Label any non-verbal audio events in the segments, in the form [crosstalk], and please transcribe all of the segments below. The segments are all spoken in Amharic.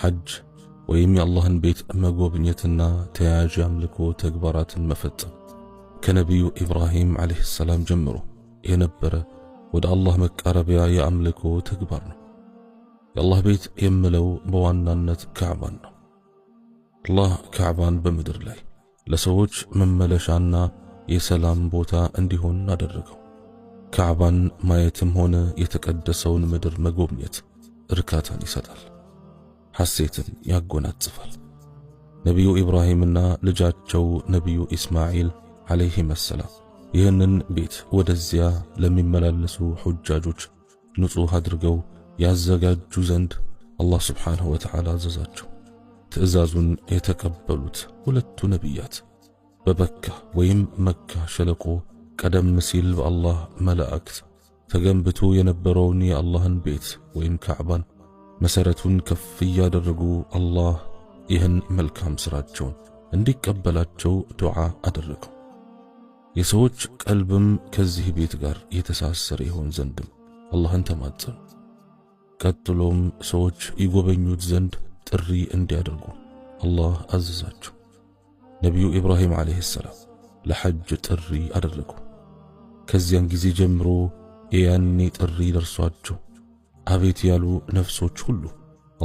ሐጅ ወይም የአላህን ቤት መጎብኘትና ተያያዥ አምልኮ ተግባራትን መፈጸም ከነቢዩ ኢብራሂም ዓለይሂ ሰላም ጀምሮ የነበረ ወደ አላህ መቃረቢያ የአምልኮ ተግባር ነው። የአላህ ቤት የምለው በዋናነት ካዕባን ነው። አላህ ካዕባን በምድር ላይ ለሰዎች መመለሻና የሰላም ቦታ እንዲሆን አደረገው። ካዕባን ማየትም ሆነ የተቀደሰውን ምድር መጎብኘት እርካታን ይሰጣል። ሐሴትን ያጎናጽፋል። ነቢዩ ኢብራሂምና ልጃቸው ነቢዩ ኢስማኤል ዓለይሂም ሰላም ይህንን ቤት ወደዚያ ለሚመላለሱ ሑጃጆች ንጹሕ አድርገው ያዘጋጁ ዘንድ አላህ ስብሓንሁ ወተዓላ አዘዛቸው። ትእዛዙን የተቀበሉት ሁለቱ ነቢያት በበካ ወይም መካ ሸለቆ ቀደም ሲል በአላህ መላእክት ተገንብቶ የነበረውን የአላህን ቤት ወይም ካዕባን መሰረቱን ከፍ እያደረጉ አላህ ይህን መልካም ስራቸውን እንዲቀበላቸው ዱዓ አደረገው። የሰዎች ቀልብም ከዚህ ቤት ጋር የተሳሰረ ይሆን ዘንድም አላህን ተማጸኑ። ቀጥሎም ሰዎች ይጎበኙት ዘንድ ጥሪ እንዲያደርጉ አላህ አዘዛቸው። ነቢዩ ኢብራሂም ዓለይሂ ሰላም ለሐጅ ጥሪ አደረጉ። ከዚያን ጊዜ ጀምሮ የያኔ ጥሪ ደርሷቸው አቤት ያሉ ነፍሶች ሁሉ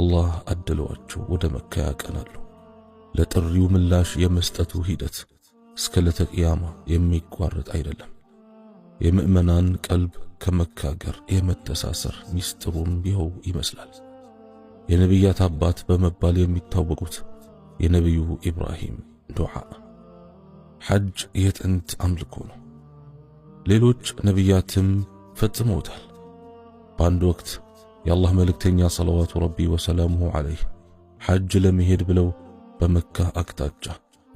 አላህ አድለዋቸው ወደ መካ ያቀናሉ። ለጥሪው ምላሽ የመስጠቱ ሂደት እስከ ለተቅያማ የሚቋረጥ አይደለም። የምእመናን ቀልብ ከመካገር የመተሳሰር ሚስጥሩም ይኸው ይመስላል። የነቢያት አባት በመባል የሚታወቁት የነቢዩ ኢብራሂም ዱዓ ሐጅ የጥንት አምልኮ ነው። ሌሎች ነቢያትም ፈጽመውታል። በአንድ ወቅት የአላህ መልእክተኛ ሰለዋቱ ረቢ ወሰላሙሁ ዐለይህ ሐጅ ለመሄድ ብለው በመካ አቅጣጫ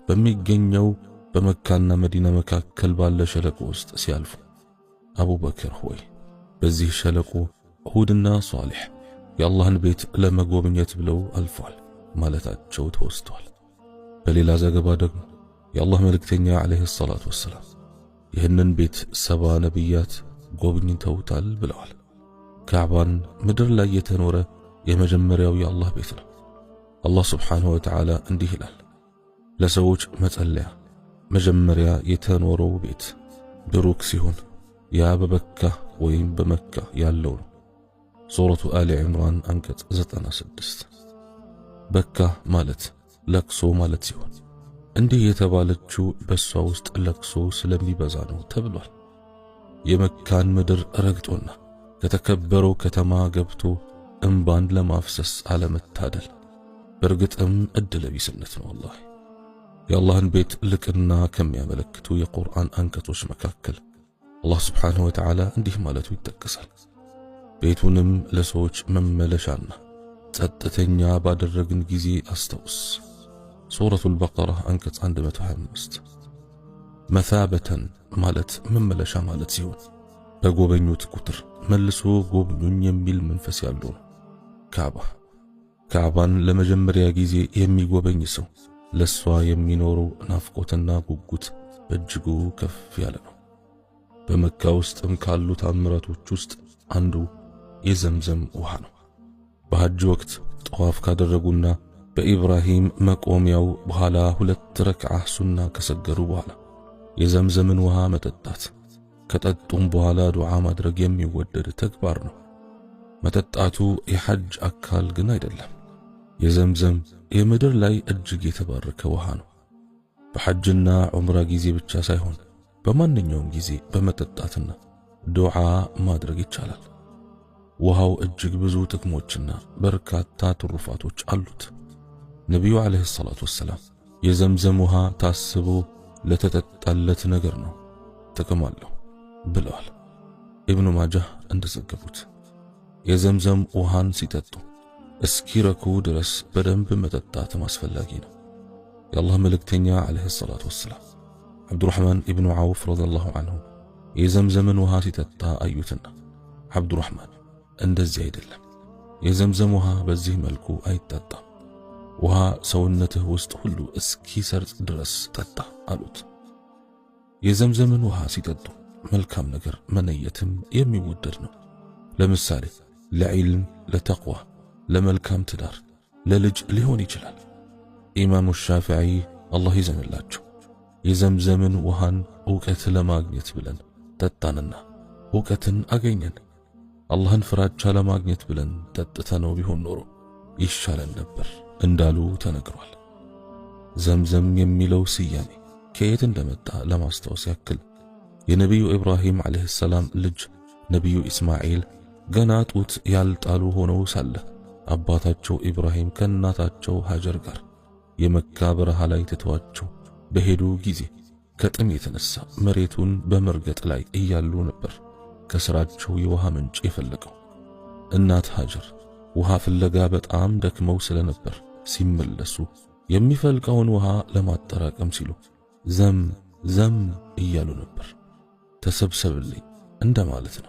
በሚገኘው በመካና መዲና መካከል ባለ ሸለቆ ውስጥ ሲያልፉ፣ አቡበክር ሆይ በዚህ ሸለቆ ሁድና ሷሊሕ የአላህን ቤት ለመጎብኘት ብለው አልፏል ማለታቸው ተወስቷል። በሌላ ዘገባ ደግሞ የአላህ መልእክተኛ ዐለይሂ ሰላቱ ወሰላም ይህንን ቤት ሰባ ነቢያት ጎብኝተውታል ብለዋል። ካዕባን ምድር ላይ የተኖረ የመጀመሪያው የአላህ ቤት ነው። አላህ ስብሓንሁ ወተዓላ እንዲህ ይላል፣ ለሰዎች መጸለያ መጀመሪያ የተኖረው ቤት ብሩክ ሲሆን ያ በበካ ወይም በመካ ያለው ነው። ሱረቱ አሊ ዕምራን አንቀጽ 96። በካ ማለት ለቅሶ ማለት ሲሆን እንዲህ የተባለችው በሷ ውስጥ ለቅሶ ስለሚበዛ ነው ተብሏል። የመካን ምድር ረግጦና ከተከበረው ከተማ ገብቶ እምባን ለማፍሰስ አለመታደል በእርግጥም እድለ ቢስነት ነው። አላህ የአላህን ቤት ልቅና ከሚያመለክቱ የቁርአን አንቀጾች መካከል አላህ ስብሓንሁ ወተዓላ እንዲህ ማለቱ ይጠቀሳል። ቤቱንም ለሰዎች መመለሻና ጸጥተኛ ባደረግን ጊዜ አስታውስ። ሱረቱል በቀራ አንቀጽ 125 መታበተን ማለት መመለሻ ማለት ሲሆን በጎበኙት ቁጥር መልሶ ጎብኙኝ የሚል መንፈስ ያለው ነው። ካባ ካባን ለመጀመሪያ ጊዜ የሚጎበኝ ሰው ለሷ የሚኖሩ ናፍቆትና ጉጉት በእጅጉ ከፍ ያለ ነው። በመካ ውስጥም ካሉ ታምራቶች ውስጥ አንዱ የዘምዘም ውሃ ነው። በሐጅ ወቅት ጠዋፍ ካደረጉና በኢብራሂም መቆሚያው በኋላ ሁለት ረክዓ ሱና ከሰገሩ በኋላ የዘምዘምን ውሃ መጠጣት ከጠጡም በኋላ ዱዓ ማድረግ የሚወደድ ተግባር ነው። መጠጣቱ የሐጅ አካል ግን አይደለም። የዘምዘም የምድር ላይ እጅግ የተባረከ ውሃ ነው። በሐጅና ዑምራ ጊዜ ብቻ ሳይሆን በማንኛውም ጊዜ በመጠጣትና ዱዓ ማድረግ ይቻላል። ውሃው እጅግ ብዙ ጥቅሞችና በርካታ ትሩፋቶች አሉት። ነቢዩ ዓለይሂ ሰላቱ ወሰላም የዘምዘም ውሃ ታስቦ ለተጠጣለት ነገር ነው ጥቅም አለው። ብለዋል ኢብኑ ማጃህ እንደዘገቡት። የዘምዘም ውሃን ሲጠጡ እስኪረኩ ድረስ በደንብ መጠጣትም አስፈላጊ ነው። የአላህ መልእክተኛ ዓለይሂ ሰላቱ ወሰላም ዓብዱራሕማን ኢብኑ ዓውፍ ረዲየላሁ አንሁ የዘምዘምን ውሃ ሲጠጣ አዩትና፣ ዓብዱራሕማን እንደዚህ አይደለም፣ የዘምዘም ውሃ በዚህ መልኩ አይጠጣም። ውሃ ሰውነትህ ውስጥ ሁሉ እስኪሰርጽ ድረስ ጠጣ አሉት። የዘምዘምን ውሃ ሲጠጡ መልካም ነገር መነየትም የሚወደድ ነው። ለምሳሌ ለዒልም፣ ለተቅዋ፣ ለመልካም ትዳር፣ ለልጅ ሊሆን ይችላል። ኢማሙ ሻፊዒ አላህ ይዘንላቸው የዘምዘምን ውሃን እውቀት ለማግኘት ብለን ጠጣንና እውቀትን አገኘን። አላህን ፍራቻ ለማግኘት ብለን ጠጥተነው ቢሆን ኖሮ ይሻለን ነበር እንዳሉ ተነግሯል። ዘምዘም የሚለው ስያሜ ከየት እንደመጣ ለማስታወስ ያክል የነቢዩ ኢብራሂም ዓለይሂ ሰላም ልጅ ነቢዩ ኢስማኤል ገና ጡት ያልጣሉ ሆነው ሳለ አባታቸው ኢብራሂም ከእናታቸው ሀጀር ጋር የመካ በረሃ ላይ ትተዋቸው በሄዱ ጊዜ ከጥም የተነሳ መሬቱን በመርገጥ ላይ እያሉ ነበር ከስራቸው የውሃ ምንጭ የፈለገው። እናት ሀጀር ውሃ ፍለጋ በጣም ደክመው ስለነበር ሲመለሱ የሚፈልቀውን ውሃ ለማጠራቀም ሲሉ ዘም ዘም እያሉ ነበር። ተሰብሰብልኝ እንደማለት ነው።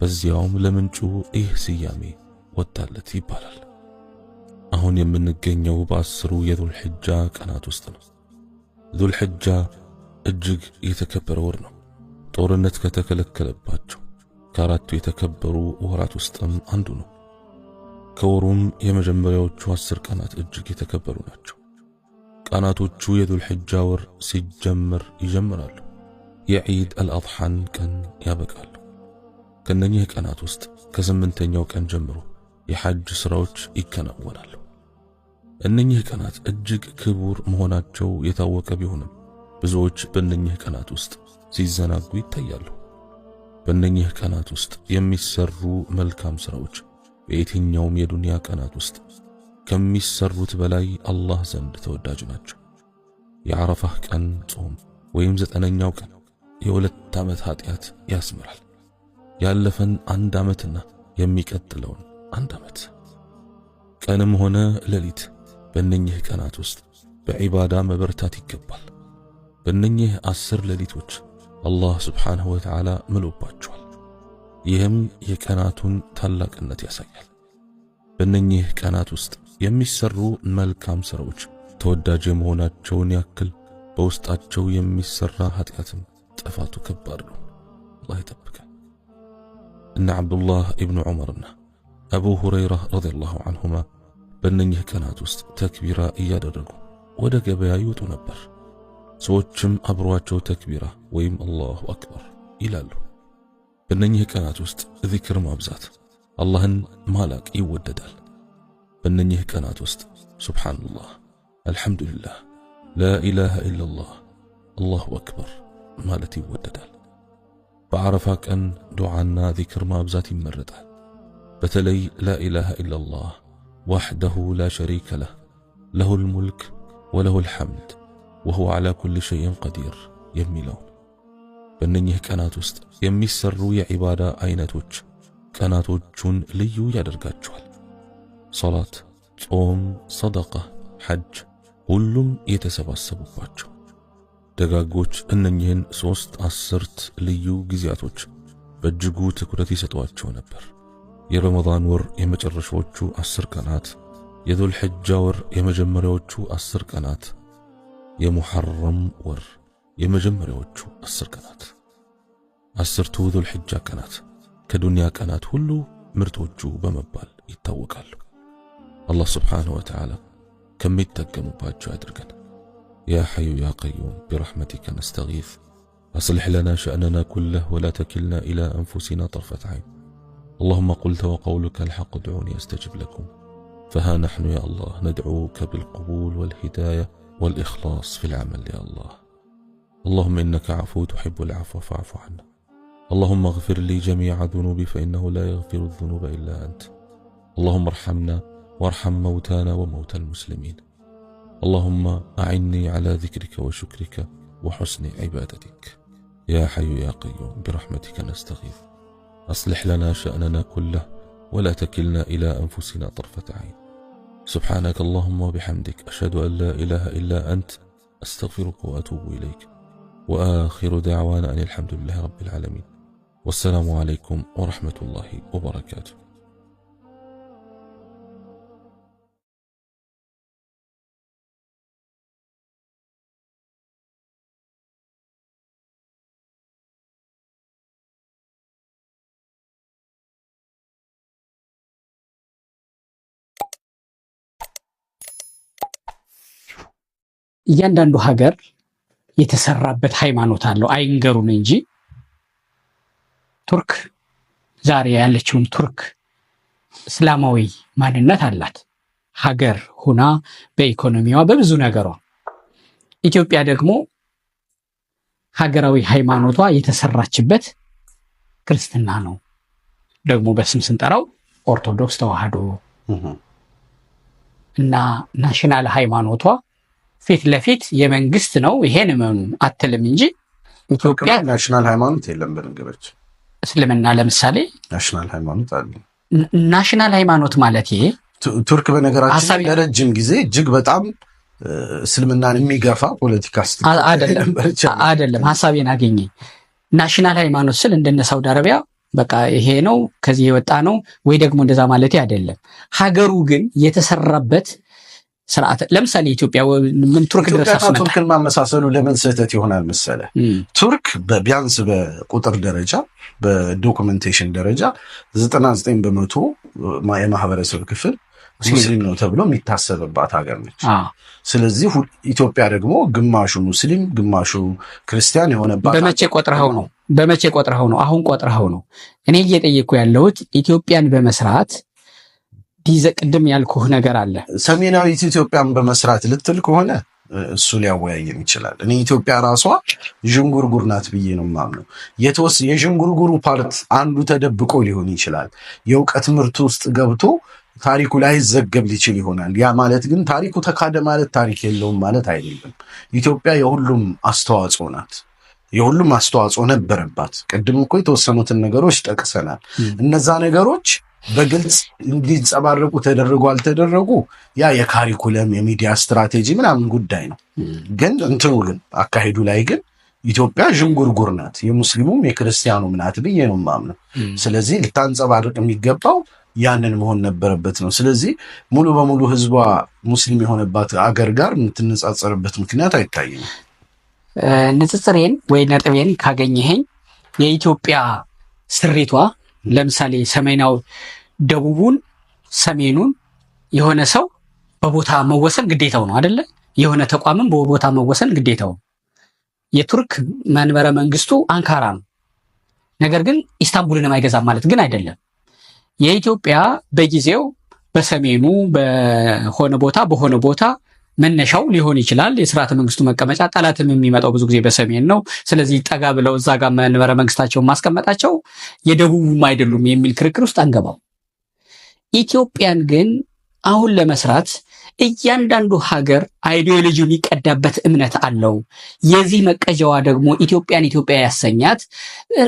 በዚያውም ለምንጩ ይህ ስያሜ ወጣለት ይባላል። አሁን የምንገኘው በአስሩ የዙል ቀናት ውስጥ ነው። ዙል እጅግ የተከበረ ወር ነው። ጦርነት ከተከለከለባቸው ከአራቱ የተከበሩ ወራት ውስጥም አንዱ ነው። ከወሩም የመጀመሪያዎቹ አስር ቀናት እጅግ የተከበሩ ናቸው። ቀናቶቹ የዙል ወር ሲጀምር ይጀምራሉ። የዒድ አልአድሓን ቀን ያበቃሉ። ከነኚህ ቀናት ውስጥ ከስምንተኛው ቀን ጀምሮ የሐጅ ሥራዎች ይከናወናሉ። እነኚህ ቀናት እጅግ ክቡር መሆናቸው የታወቀ ቢሆንም ብዙዎች በእነኚህ ቀናት ውስጥ ሲዘናጉ ይታያሉ። በእነኚህ ቀናት ውስጥ የሚሰሩ መልካም ሥራዎች በየትኛውም የዱንያ ቀናት ውስጥ ከሚሰሩት በላይ አላህ ዘንድ ተወዳጅ ናቸው። የዓረፋህ ቀን ጾም ወይም ዘጠነኛው ቀን የሁለት ዓመት ኃጢአት ያስምራል። ያለፈን አንድ ዓመትና የሚቀጥለውን አንድ ዓመት ቀንም ሆነ ሌሊት በእነኚህ ቀናት ውስጥ በዒባዳ መበርታት ይገባል። በእነኚህ አስር ሌሊቶች አላህ ስብሓንሁ ወተዓላ ምሎባቸዋል። ይህም የቀናቱን ታላቅነት ያሳያል። በእነኚህ ቀናት ውስጥ የሚሰሩ መልካም ሥራዎች ተወዳጅ የመሆናቸውን ያክል በውስጣቸው የሚሰራ ኃጢአትም أفات كبر الله يتبك إن عبد الله ابن عمر أبو هريرة رضي الله عنهما بنني كانت تكبيرا إياد رقو ودق بيايوت نبر سوتشم أبرواتشو تكبيرا ويم الله أكبر إلى له بنني كانت ذكر ما بزات الله مالك يوددال بنني كانت سبحان الله الحمد لله لا إله إلا الله الله أكبر ማለት ይወደዳል። በአረፋ ቀን ዱዓና ዚክር ማብዛት ይመረጣል። በተለይ ላኢላሃ ኢለላህ ዋሕደሁ ላ ሸሪከ ለህ ለሁል ሙልክ ወለሁል ሐምድ ወሁ ዓላ ኩል ሸይን ቀዲር የሚለውን በእነኚህ ቀናት ውስጥ የሚሰሩ የዒባዳ አይነቶች ቀናቶቹን ልዩ ያደርጋቸዋል። ሶላት፣ ጾም፣ ሰደቃ፣ ሐጅ ሁሉም የተሰባሰቡባቸው ደጋጎች እነኚህን ሦስት አስርት ልዩ ጊዜያቶች በእጅጉ ትኩረት ይሰጧቸው ነበር። የረመዳን ወር የመጨረሻዎቹ አስር ቀናት፣ የዙል ወር የመጀመሪያዎቹ አስር ቀናት፣ የሙሐረም ወር የመጀመሪያዎቹ አስር ቀናት። አስርቱ ዙል ቀናት ከዱንያ ቀናት ሁሉ ምርቶቹ በመባል ይታወቃሉ። አላህ ስብሓንሁ ወተዓላ ከሚጠቀሙባቸው ያድርገን። يا حي يا قيوم برحمتك نستغيث أصلح لنا شأننا كله ولا تكلنا إلى أنفسنا طرفة عين اللهم قلت وقولك الحق ادعوني أستجب لكم فها نحن يا الله ندعوك بالقبول والهداية والإخلاص في العمل يا الله اللهم إنك عفو تحب العفو فاعف عنا اللهم اغفر لي جميع ذنوبي فإنه لا يغفر الذنوب إلا أنت اللهم ارحمنا وارحم موتانا وموتى المسلمين اللهم أعني على ذكرك وشكرك وحسن عبادتك يا حي يا قيوم برحمتك نستغيث أصلح لنا شأننا كله ولا تكلنا إلى أنفسنا طرفة عين سبحانك اللهم وبحمدك أشهد أن لا إله إلا أنت أستغفرك وأتوب إليك وآخر دعوانا أن الحمد لله رب العالمين والسلام عليكم ورحمة الله وبركاته እያንዳንዱ ሀገር የተሰራበት ሃይማኖት አለው። አይንገሩን እንጂ ቱርክ ዛሬ ያለችውን ቱርክ እስላማዊ ማንነት አላት ሀገር ሁና በኢኮኖሚዋ በብዙ ነገሯ። ኢትዮጵያ ደግሞ ሀገራዊ ሃይማኖቷ የተሰራችበት ክርስትና ነው። ደግሞ በስም ስንጠራው ኦርቶዶክስ ተዋህዶ እና ናሽናል ሃይማኖቷ ፊት ለፊት የመንግስት ነው ይሄን አትልም እንጂ ኢትዮጵያ ናሽናል ሃይማኖት የለም። በነገሮች እስልምና ለምሳሌ ናሽናል ሃይማኖት አለ። ናሽናል ሃይማኖት ማለት ይሄ ቱርክ በነገራችን ለረጅም ጊዜ እጅግ በጣም እስልምናን የሚገፋ ፖለቲካ አይደለም። ሀሳቤን አገኘ። ናሽናል ሃይማኖት ስል እንደነ ሳውዲ አረቢያ በቃ ይሄ ነው ከዚህ የወጣ ነው ወይ ደግሞ እንደዛ ማለት አይደለም። ሀገሩ ግን የተሰራበት ስርዓት ለምሳሌ ኢትዮጵያ ምን ቱርክ ድረስ ቱርክን ማመሳሰሉ ለምን ስህተት ይሆናል መሰለ? ቱርክ በቢያንስ በቁጥር ደረጃ በዶኩመንቴሽን ደረጃ 99 በመቶ የማህበረሰብ ክፍል ሙስሊም ነው ተብሎ የሚታሰብባት ሀገር ነች። ስለዚህ ኢትዮጵያ ደግሞ ግማሹ ሙስሊም ግማሹ ክርስቲያን የሆነባት በመቼ ቆጥረኸው ነው? በመቼ ቆጥረኸው ነው? አሁን ቆጥረኸው ነው። እኔ እየጠየቅኩ ያለሁት ኢትዮጵያን በመስራት ዲዘ ቅድም ያልኩህ ነገር አለ። ሰሜናዊት ኢትዮጵያን በመስራት ልትል ከሆነ እሱ ሊያወያየን ይችላል። እኔ ኢትዮጵያ ራሷ ዥንጉርጉር ናት ብዬ ነው የማምነው። የተወስ የዥንጉርጉሩ ፓርት አንዱ ተደብቆ ሊሆን ይችላል። የእውቀት ምርት ውስጥ ገብቶ ታሪኩ ላይዘገብ ሊችል ይሆናል። ያ ማለት ግን ታሪኩ ተካደ ማለት ታሪክ የለውም ማለት አይደለም። ኢትዮጵያ የሁሉም አስተዋጽኦ ናት። የሁሉም አስተዋጽኦ ነበረባት። ቅድም እኮ የተወሰኑትን ነገሮች ጠቅሰናል። እነዛ ነገሮች በግልጽ እንዲንጸባረቁ ተደረጉ አልተደረጉ ያ የካሪኩለም የሚዲያ ስትራቴጂ ምናምን ጉዳይ ነው። ግን እንትኑ ግን አካሄዱ ላይ ግን ኢትዮጵያ ዥንጉርጉር ናት፣ የሙስሊሙም የክርስቲያኑም ናት ብዬ ነው የማምነው። ስለዚህ ልታንጸባርቅ የሚገባው ያንን መሆን ነበረበት ነው። ስለዚህ ሙሉ በሙሉ ህዝቧ ሙስሊም የሆነባት አገር ጋር የምትነጻጸርበት ምክንያት አይታይም። ንጽጽሬን ወይ ነጥቤን ካገኘኸኝ የኢትዮጵያ ስሪቷ ለምሳሌ ሰሜናው ደቡቡን ሰሜኑን የሆነ ሰው በቦታ መወሰን ግዴታው ነው አደለ? የሆነ ተቋምም በቦታ መወሰን ግዴታው ነው። የቱርክ መንበረ መንግስቱ አንካራ ነው። ነገር ግን ኢስታንቡልንም አይገዛም ማለት ግን አይደለም። የኢትዮጵያ በጊዜው በሰሜኑ በሆነ ቦታ በሆነ ቦታ መነሻው ሊሆን ይችላል። የስርዓተ መንግስቱ መቀመጫ ጠላትም የሚመጣው ብዙ ጊዜ በሰሜን ነው። ስለዚህ ጠጋ ብለው እዛ ጋር መንበረ መንግስታቸውን ማስቀመጣቸው የደቡቡም አይደሉም የሚል ክርክር ውስጥ አንገባው። ኢትዮጵያን ግን አሁን ለመስራት እያንዳንዱ ሀገር አይዲዮሎጂ የሚቀዳበት እምነት አለው። የዚህ መቀጃዋ ደግሞ ኢትዮጵያን ኢትዮጵያ ያሰኛት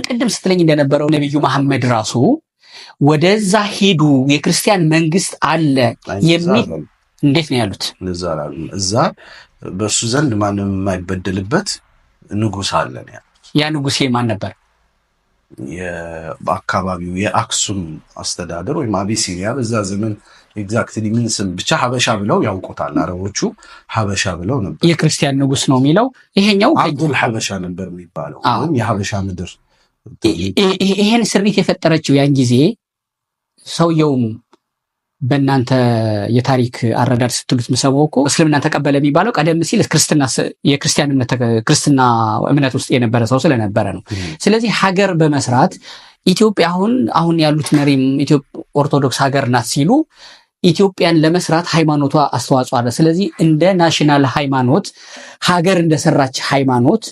ቅድም ስትለኝ እንደነበረው ነቢዩ መሐመድ ራሱ ወደዛ ሄዱ የክርስቲያን መንግስት አለ እንዴት ነው ያሉት? እዛ ላሉ እዛ በእሱ ዘንድ ማንም የማይበደልበት ንጉስ አለን ያሉት። ያ ንጉሴ ማን ነበር? በአካባቢው የአክሱም አስተዳደር ወይም አቢሲኒያ በዛ ዘመን ኤግዛክትሊ ምን ስም ብቻ ሀበሻ ብለው ያውቁታል አረቦቹ ሀበሻ ብለው ነበር። የክርስቲያን ንጉስ ነው የሚለው ይሄኛው አብዱል ሀበሻ ነበር የሚባለው ወይም የሀበሻ ምድር። ይሄን ስሪት የፈጠረችው ያን ጊዜ ሰውየውም በእናንተ የታሪክ አረዳድ ስትሉት ምሰበው እኮ እስልምና ተቀበለ የሚባለው ቀደም ሲል የክርስቲያን ክርስትና እምነት ውስጥ የነበረ ሰው ስለነበረ ነው። ስለዚህ ሀገር በመስራት ኢትዮጵያ አሁን አሁን ያሉት መሪም ኦርቶዶክስ ሀገር ናት ሲሉ ኢትዮጵያን ለመስራት ሃይማኖቷ አስተዋጽኦ አለ። ስለዚህ እንደ ናሽናል ሃይማኖት ሀገር እንደሰራች ሃይማኖት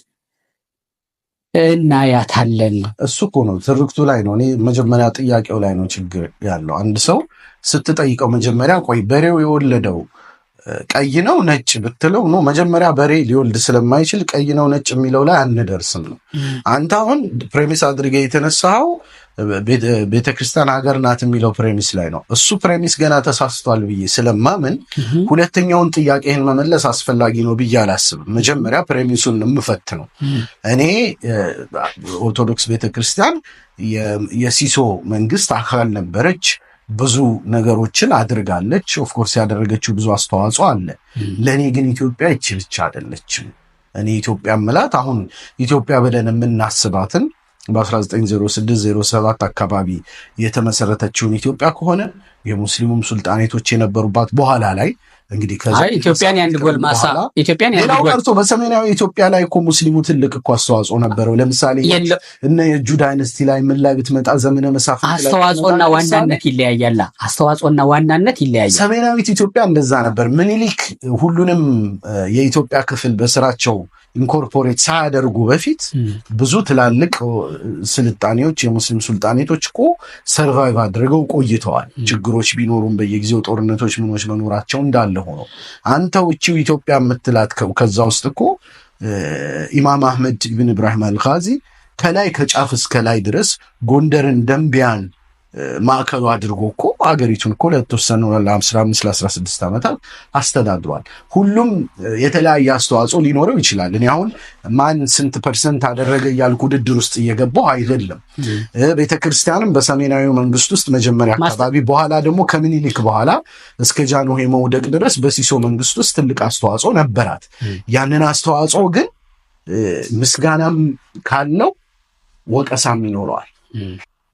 እናያታለን። እሱ እኮ ነው ትርክቱ ላይ ነው። እኔ መጀመሪያ ጥያቄው ላይ ነው ችግር ያለው። አንድ ሰው ስትጠይቀው መጀመሪያ ቆይ በሬው የወለደው ቀይ ነው ነጭ ብትለው ነው መጀመሪያ በሬ ሊወልድ ስለማይችል ቀይ ነው ነጭ የሚለው ላይ አንደርስም ነው። አንተ አሁን ፕሬሚስ አድርገህ የተነሳኸው ቤተክርስቲያን ሀገር ናት የሚለው ፕሬሚስ ላይ ነው። እሱ ፕሬሚስ ገና ተሳስቷል ብዬ ስለማምን ሁለተኛውን ጥያቄህን መመለስ አስፈላጊ ነው ብዬ አላስብም። መጀመሪያ ፕሬሚሱን የምፈት ነው። እኔ ኦርቶዶክስ ቤተክርስቲያን የሲሶ መንግስት አካል ነበረች። ብዙ ነገሮችን አድርጋለች። ኦፍኮርስ ያደረገችው ብዙ አስተዋጽኦ አለ። hmm. ለእኔ ግን ኢትዮጵያ ይቺ ብቻ አይደለችም። እኔ ኢትዮጵያ ምላት አሁን ኢትዮጵያ ብለን የምናስባትን በ1906/07 አካባቢ የተመሰረተችውን ኢትዮጵያ ከሆነ የሙስሊሙም ሱልጣኔቶች የነበሩባት በኋላ ላይ እንግዲህ ኢትዮጵያን የአንድ ጎልማሳ ኢትዮጵያን ሌላው ቀርቶ በሰሜናዊ ኢትዮጵያ ላይ እኮ ሙስሊሙ ትልቅ እኮ አስተዋጽኦ ነበረው። ለምሳሌ እነ የጁ ዳይነስቲ ላይ ምን ላይ ብትመጣ ዘመነ መሳፍ አስተዋጽኦና ዋናነት ይለያያላ። አስተዋጽኦና ዋናነት ይለያያል። ሰሜናዊት ኢትዮጵያ እንደዛ ነበር። ምኒልክ ሁሉንም የኢትዮጵያ ክፍል በስራቸው ኢንኮርፖሬት ሳያደርጉ በፊት ብዙ ትላልቅ ስልጣኔዎች የሙስሊም ሱልጣኔቶች እኮ ሰርቫይቭ አድርገው ቆይተዋል። ችግሮች ቢኖሩም በየጊዜው ጦርነቶች ምኖች መኖራቸው እንዳለ ሆነው አንተ ውቺው ኢትዮጵያ የምትላት ከዛ ውስጥ እኮ ኢማም አህመድ ኢብን ኢብራሂም አልጋዚ ከላይ ከጫፍ እስከ ላይ ድረስ ጎንደርን፣ ደንቢያን ማዕከሉ አድርጎ እኮ ሀገሪቱን እኮ ለተወሰኑ ለአስራ አምስት ለአስራ ስድስት ዓመታት አስተዳድሯል። ሁሉም የተለያየ አስተዋጽኦ ሊኖረው ይችላል። እኔ አሁን ማን ስንት ፐርሰንት አደረገ እያልኩ ውድድር ውስጥ እየገባው አይደለም። ቤተክርስቲያንም በሰሜናዊ መንግስት ውስጥ መጀመሪያ አካባቢ፣ በኋላ ደግሞ ከምኒልክ በኋላ እስከ ጃንሆይ መውደቅ ድረስ በሲሶ መንግስት ውስጥ ትልቅ አስተዋጽኦ ነበራት። ያንን አስተዋጽኦ ግን ምስጋናም ካለው ወቀሳም ይኖረዋል።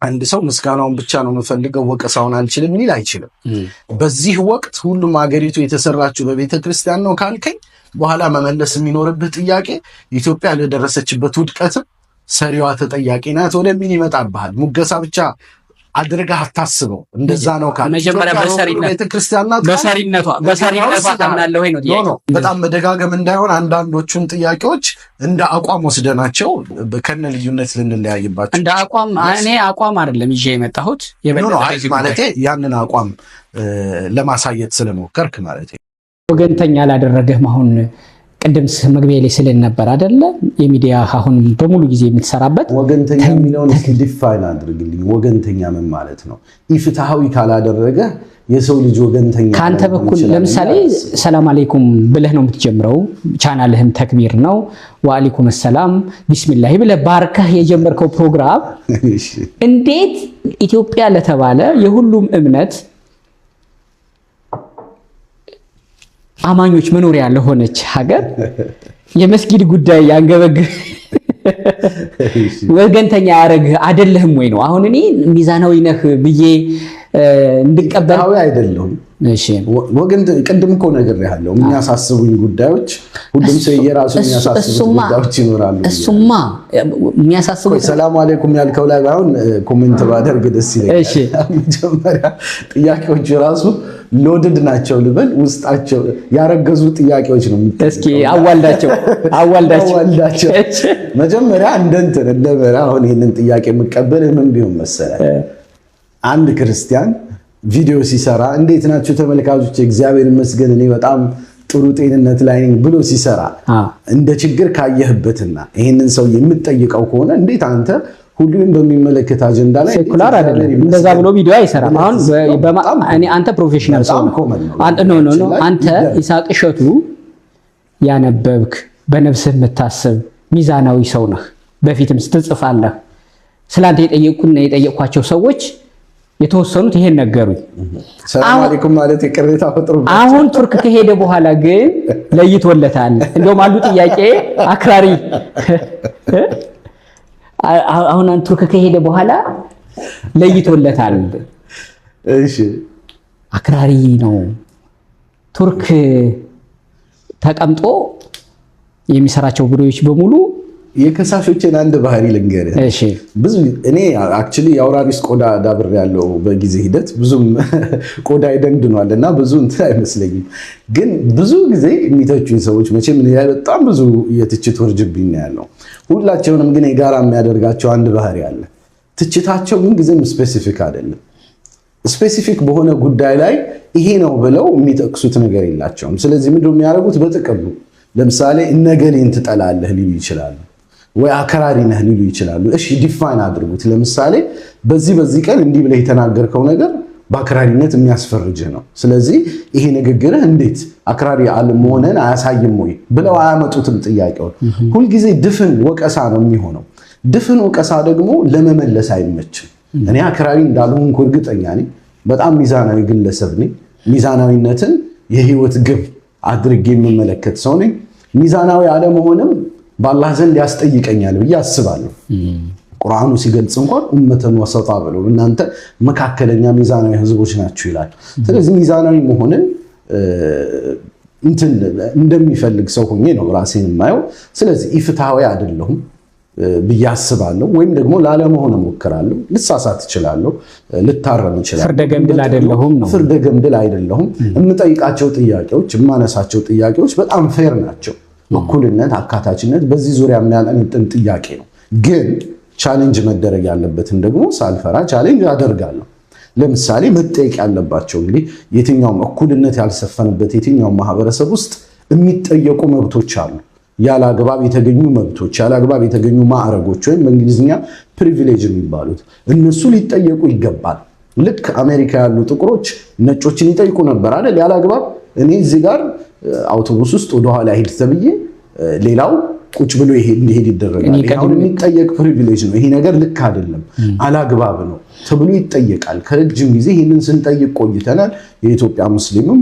አንድ ሰው ምስጋናውን ብቻ ነው የምፈልገው ወቀሳውን አልችልም ሊል አይችልም። በዚህ ወቅት ሁሉም አገሪቱ የተሰራችው በቤተ ክርስቲያን ነው ካልከኝ በኋላ መመለስ የሚኖርብህ ጥያቄ ኢትዮጵያ ለደረሰችበት ውድቀትም ሰሪዋ ተጠያቂ ናት ወደሚል ይመጣብሃል። ሙገሳ ብቻ አድርገህ አታስበው። እንደዛ ነው መጀመሪያ በጣም መደጋገም እንዳይሆን አንዳንዶቹን ጥያቄዎች እንደ አቋም ወስደናቸው ከነ ልዩነት ልንለያይባቸው እንደ አቋም እኔ አቋም አይደለም ይዤ የመጣሁት ማለቴ ያንን አቋም ለማሳየት ስለሞከርክ ማለት ወገንተኛ ላደረገህ አሁን ቅድም መግቢያ ላይ ስልን ነበር አደለ? የሚዲያ አሁን በሙሉ ጊዜ የምትሰራበት ወገንተኛ የሚለውን ዲፋይን አድርግልኝ። ወገንተኛ ምን ማለት ነው? ኢፍትሐዊ ካላደረገ የሰው ልጅ ወገንተኛ ከአንተ በኩል ለምሳሌ ሰላም አሌይኩም ብለህ ነው የምትጀምረው። ቻናልህም ተክቢር ነው። ወአሌኩም ሰላም ቢስሚላሂ ብለህ ባርከህ የጀመርከው ፕሮግራም እንዴት ኢትዮጵያ ለተባለ የሁሉም እምነት አማኞች መኖሪያ ለሆነች ሀገር የመስጊድ ጉዳይ ያንገበግ ወገንተኛ ያደረግ አይደለህም ወይ ነው። አሁን እኔ ሚዛናዊ ነህ ብዬ እንድቀበል አይደለሁም። ቅድም እኮ ነገር ያለው የሚያሳስቡኝ ጉዳዮች ሁሉም ሰው የራሱ የሚያሳስቡት ጉዳዮች ይኖራሉ። እሱማ የሚያሳስቡት ሰላም አለይኩም ያልከው ላይ ባይሆን ኮሜንት ባደርግ ደስ ይለኛል። መጀመሪያ ጥያቄዎቹ ራሱ ሎድድ ናቸው ልበል። ውስጣቸው ያረገዙ ጥያቄዎች ነው። እስኪ አዋልዳቸው አዋልዳቸው [laughs] መጀመሪያ እንደንትን እንደበረ አሁን ይህንን ጥያቄ የምቀበል ምን ቢሆን መሰለ አንድ ክርስቲያን ቪዲዮ ሲሰራ እንዴት ናቸው ተመልካቾች፣ እግዚአብሔር ይመስገን እኔ በጣም ጥሩ ጤንነት ላይ ነኝ ብሎ ሲሰራ እንደ ችግር ካየህበትና ይህንን ሰው የምትጠይቀው ከሆነ እንዴት አንተ ሁሉንም በሚመለከት አጀንዳ ላይ ሴኩላር አይደለም። እንደዛ ብሎ ቪዲዮ አይሰራም። አሁን እኔ አንተ ፕሮፌሽናል ሰው ኖ አንተ ይሳቅ እሸቱ ያነበብክ በነፍስህ የምታስብ ሚዛናዊ ሰው ነህ። በፊትም ስትጽፋለህ ስላንተ የጠየቁና የጠየቅኳቸው ሰዎች የተወሰኑት ይሄን ነገሩኝ። ሰላም አለይኩም ማለት የቅሬታ ፈጥሩ። አሁን ቱርክ ከሄደ በኋላ ግን ለይቶለታል። እንደውም አንዱ ጥያቄ አክራሪ [laughs] አሁን አንቱርክ ከሄደ በኋላ ለይቶለታል። እሺ አክራሪ ነው። ቱርክ ተቀምጦ የሚሰራቸው ጉዳዮች በሙሉ የከሳሾችን አንድ ባህሪ ልንገርህ። ብዙ እኔ አክቹሊ የአውራሪስ ቆዳ ዳብር ያለው በጊዜ ሂደት ብዙም [laughs] ቆዳ ይደንድኗል እና ብዙ እንትን አይመስለኝም። ግን ብዙ ጊዜ የሚተቹኝ ሰዎች መቼም በጣም ብዙ የትችት ወርጅብኝ ያለው ሁላቸውንም ግን የጋራ የሚያደርጋቸው አንድ ባህሪ አለ። ትችታቸው ምን ጊዜም ስፔሲፊክ አይደለም። ስፔሲፊክ በሆነ ጉዳይ ላይ ይሄ ነው ብለው የሚጠቅሱት ነገር የላቸውም። ስለዚህ ምንድን የሚያደርጉት በጥቅሉ ለምሳሌ እነገሌን ትጠላለህ ሊሉ ይችላሉ፣ ወይ አከራሪ ነህ ሊሉ ይችላሉ። እሺ ዲፋይን አድርጉት። ለምሳሌ በዚህ በዚህ ቀን እንዲህ ብለህ የተናገርከው ነገር በአክራሪነት የሚያስፈርጅ ነው። ስለዚህ ይሄ ንግግርህ እንዴት አክራሪ አለመሆንን አያሳይም ወይ ብለው አያመጡትም ጥያቄውን። ሁልጊዜ ድፍን ወቀሳ ነው የሚሆነው። ድፍን ወቀሳ ደግሞ ለመመለስ አይመችም። እኔ አክራሪ እንዳልሆንኩ እርግጠኛ ነኝ። በጣም ሚዛናዊ ግለሰብ ነኝ። ሚዛናዊነትን የህይወት ግብ አድርጌ የምመለከት ሰው ነኝ። ሚዛናዊ አለመሆንም በአላህ ዘንድ ያስጠይቀኛል ብዬ አስባለሁ። ቁርአኑ ሲገልጽ እንኳን እመተን ወሰጣ ብሎ እናንተ መካከለኛ ሚዛናዊ ህዝቦች ናችሁ ይላል። ስለዚህ ሚዛናዊ መሆንን እንትን እንደሚፈልግ ሰው ሆኜ ነው ራሴን የማየው። ስለዚህ ኢፍትሐዊ አይደለሁም ብዬ አስባለሁ፣ ወይም ደግሞ ላለመሆን እሞክራለሁ። ልሳሳት እችላለሁ፣ ልታረም እችላለሁ። ፍርደ ገምድል አይደለሁም። የምጠይቃቸው ጥያቄዎች፣ የማነሳቸው ጥያቄዎች በጣም ፌር ናቸው። እኩልነት፣ አካታችነት በዚህ ዙሪያ የሚያጠነጥን ጥያቄ ነው ግን ቻሌንጅ መደረግ ያለበትን ደግሞ ሳልፈራ ቻሌንጅ አደርጋለሁ። ለምሳሌ መጠየቅ ያለባቸው እንግዲህ የትኛውም እኩልነት ያልሰፈንበት የትኛውም ማህበረሰብ ውስጥ የሚጠየቁ መብቶች አሉ። ያለ አግባብ የተገኙ መብቶች፣ ያለ አግባብ የተገኙ ማዕረጎች ወይም በእንግሊዝኛ ፕሪቪሌጅ የሚባሉት እነሱ ሊጠየቁ ይገባል። ልክ አሜሪካ ያሉ ጥቁሮች ነጮችን ይጠይቁ ነበር አይደል? ያለ አግባብ እኔ እዚህ ጋር አውቶቡስ ውስጥ ወደኋላ ሄድ ተብዬ ሌላው ቁጭ ብሎ እንዲሄድ ይደረጋል። የሚጠየቅ ፕሪቪሌጅ ነው። ይሄ ነገር ልክ አይደለም፣ አላግባብ ነው ተብሎ ይጠየቃል። ከረጅም ጊዜ ይህንን ስንጠይቅ ቆይተናል። የኢትዮጵያ ሙስሊምም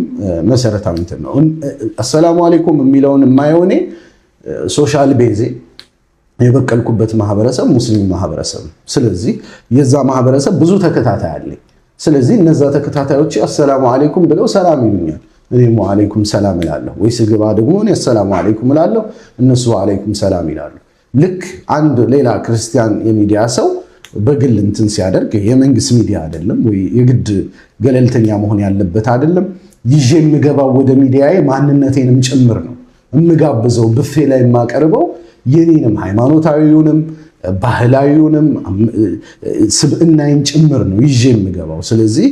መሰረታዊ እንትን ነው። አሰላሙ አሌይኩም የሚለውን የማየሆኔ ሶሻል ቤዜ የበቀልኩበት ማህበረሰብ ሙስሊም ማህበረሰብ ነው። ስለዚህ የዛ ማህበረሰብ ብዙ ተከታታይ አለኝ። ስለዚህ እነዛ ተከታታዮች አሰላሙ አሌይኩም ብለው ሰላም ይሉኛል። እኔም ዋለይኩም ሰላም እላለሁ። ወይ ስግባ ደግሞ እኔ አሰላሙ አለይኩም እላለሁ፣ እነሱ ዋለይኩም ሰላም ይላሉ። ልክ አንድ ሌላ ክርስቲያን የሚዲያ ሰው በግል እንትን ሲያደርግ የመንግስት ሚዲያ አይደለም ወይ የግድ ገለልተኛ መሆን ያለበት አይደለም። ይዤ የምገባው ወደ ሚዲያ ማንነቴንም ጭምር ነው የምጋብዘው፣ ብፌ ላይ የማቀርበው የኔንም ሃይማኖታዊውንም ባህላዊውንም ስብእናይን ጭምር ነው ይዤ የምገባው። ስለዚህ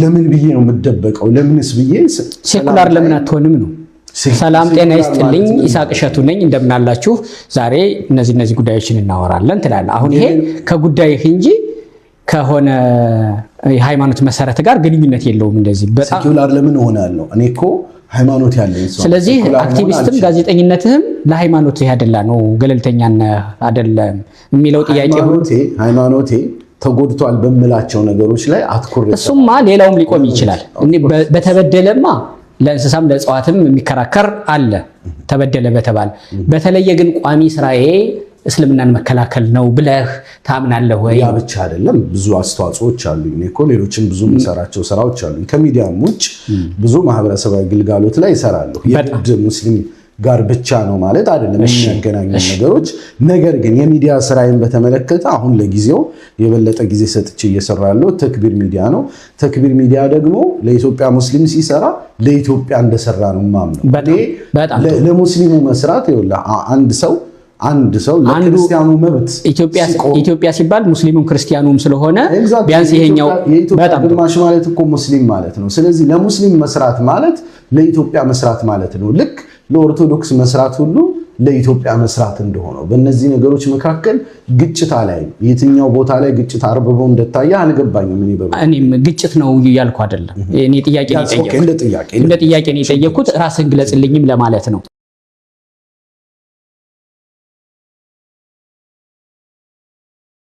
ለምን ብዬ ነው የምደበቀው? ለምንስ ብዬ ሴኩላር ለምን አትሆንም ነው። ሰላም ጤና ይስጥልኝ። ኢሳቅ እሸቱ ነኝ። እንደምናላችሁ ዛሬ እነዚህ እነዚህ ጉዳዮችን እናወራለን ትላለህ። አሁን ይሄ ከጉዳይህ እንጂ ከሆነ የሃይማኖት መሰረት ጋር ግንኙነት የለውም። እንደዚህ ሴኩላር ለምን እሆናለሁ እኔ እኮ ሃይማኖት ያለኝ ሰው። ስለዚህ አክቲቪስትም ጋዜጠኝነትህም ለሃይማኖት ያደላ ነው፣ ገለልተኛ አይደለም የሚለው ጥያቄ ሃይማኖቴ ተጎድቷል በምላቸው ነገሮች ላይ አትኩር። እሱማ ሌላውም ሊቆም ይችላል። በተበደለማ ለእንስሳም ለእጽዋትም የሚከራከር አለ ተበደለ በተባለ በተለየ ግን ቋሚ ስራዬ እስልምናን መከላከል ነው ብለህ ታምናለህ ወይ? ያ ብቻ አይደለም፣ ብዙ አስተዋጽኦዎች አሉኝ። እኔ እኮ ሌሎችም ብዙ የምሰራቸው ስራዎች አሉኝ። ከሚዲያም ውጭ ብዙ ማህበረሰባዊ ግልጋሎት ላይ ይሰራለሁ። የግድ ሙስሊም ጋር ብቻ ነው ማለት አይደለም የሚያገናኙ ነገሮች። ነገር ግን የሚዲያ ስራዬን በተመለከተ አሁን ለጊዜው የበለጠ ጊዜ ሰጥቼ እየሰራ ያለው ተክቢር ሚዲያ ነው። ተክቢር ሚዲያ ደግሞ ለኢትዮጵያ ሙስሊም ሲሰራ ለኢትዮጵያ እንደሰራ ነው ማምነው። ለሙስሊሙ መስራት አንድ ሰው አንድ ሰው ለክርስቲያኑ መብት ኢትዮጵያ ሲባል ሙስሊሙም ክርስቲያኑም ስለሆነ ቢያንስ ይሄኛው ግማሽ ማለት እኮ ሙስሊም ማለት ነው። ስለዚህ ለሙስሊም መስራት ማለት ለኢትዮጵያ መስራት ማለት ነው። ልክ ለኦርቶዶክስ መስራት ሁሉ ለኢትዮጵያ መስራት እንደሆነው በእነዚህ ነገሮች መካከል ግጭት ላይ የትኛው ቦታ ላይ ግጭት አርብቦ እንደታየ አልገባኝም። እኔ እኔም ግጭት ነው ያልኩ አይደለም። እኔ ጥያቄ እንደ ጥያቄ ነው የጠየኩት። ራስን ግለጽልኝም ለማለት ነው።